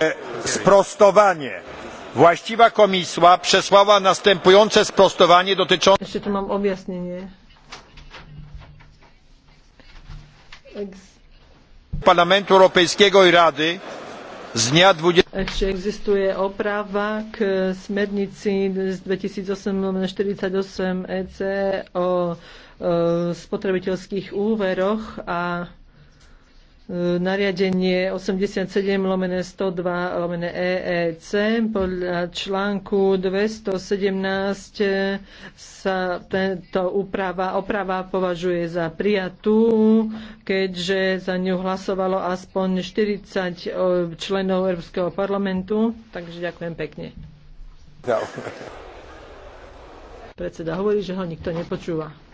E, sprostowanie. Właściwa komisja przesłała następujące sprostowanie dotyczące... Jeszcze tu mam objaśnienie. Parlamentu Europejskiego i Rady z dnia 20... Ešte existuje oprava k smernici z 2008-48 EC o, o spotrebiteľských úveroch a E, nariadenie 87 lomené 102 lomené EEC. Podľa článku 217 sa tento úprava, oprava považuje za prijatú, keďže za ňu hlasovalo aspoň 40 e, členov Európskeho parlamentu. Takže ďakujem pekne. Predseda hovorí, že ho nikto nepočúva.